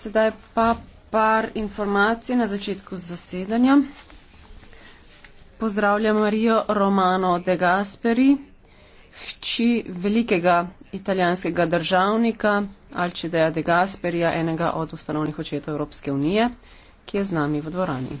Sedaj pa par informacij na začetku zasedanja. Pozdravljam Marijo Romano de Gasperi, hči velikega italijanskega državnika Alcidea de Gasperija, enega od ustanovnih očetov Evropske unije, ki je z nami v dvorani.